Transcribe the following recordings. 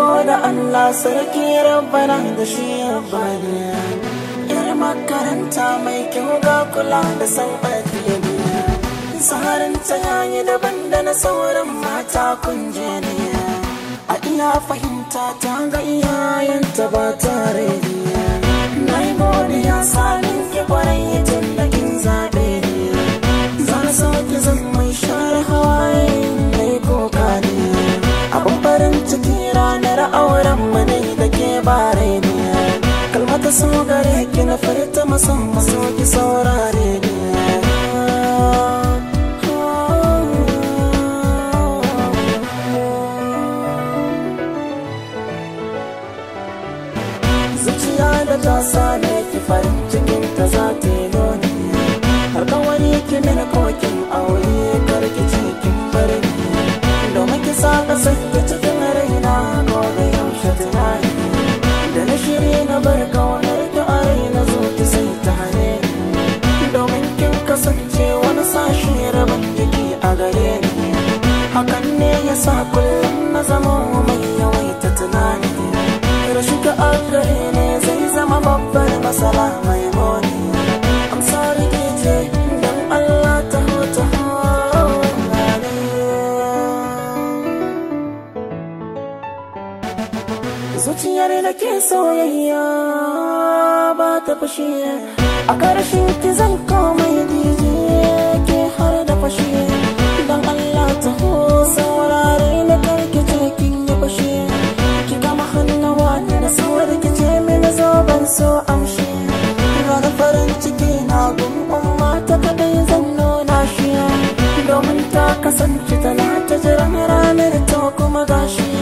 goda Allah sarki rabbana da shi rabbana yar makaranta mai kyau ga kula da san saharin ta yayi daban da na sauran mata ne a iya fahimta ta ga iyayenta ba tare da na yi godiya sanin ki kwarai tun da kin zaɓi ta so gare ki na farta musamman so ki saurare ni zuciya da ta same ki farin cikin ta za ta yi noni har kawai ki mini kokin aure karki cikin farin domin ki sa ka tare ke soyayya ba ta fashe a karshen ki zan komai dj ke har da fashe don allah ta ho saurare na karkice kin yi fashe ki kama hannawa ne da saurar rikice mini zo ban so amshi ranar farin ciki na gun umma ta kaɗai zan nuna shi domin ta kasance tana ta jiran ranar ta kuma gashi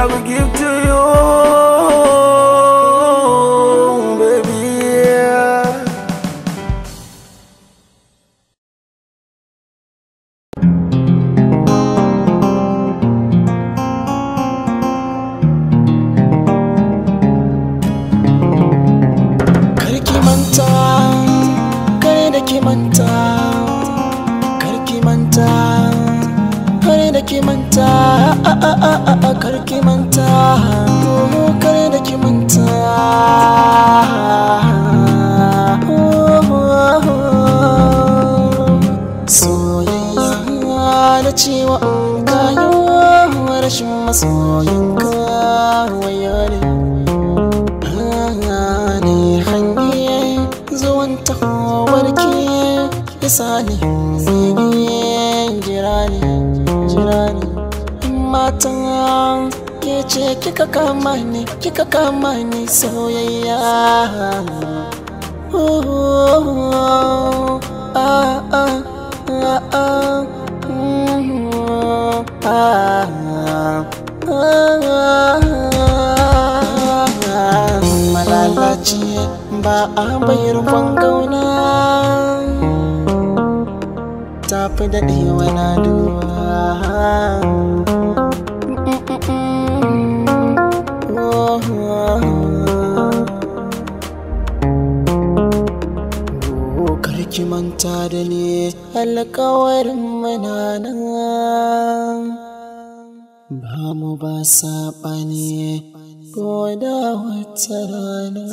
I will give to you, baby. Kar ki manta kar kimanta manta kar da ki manta soyayya da cewa an kayo rashin masoyin kawaya ne hanye zuwan tahowarki ya sani ne jira ne jira fatan ce kika kama ni kika kama ni soyayya malalaci ba a bayar bangauna tafi daɗewa na duwa ki manta da ni alkawarin mananan ba mu ba saɓani ko da wata rana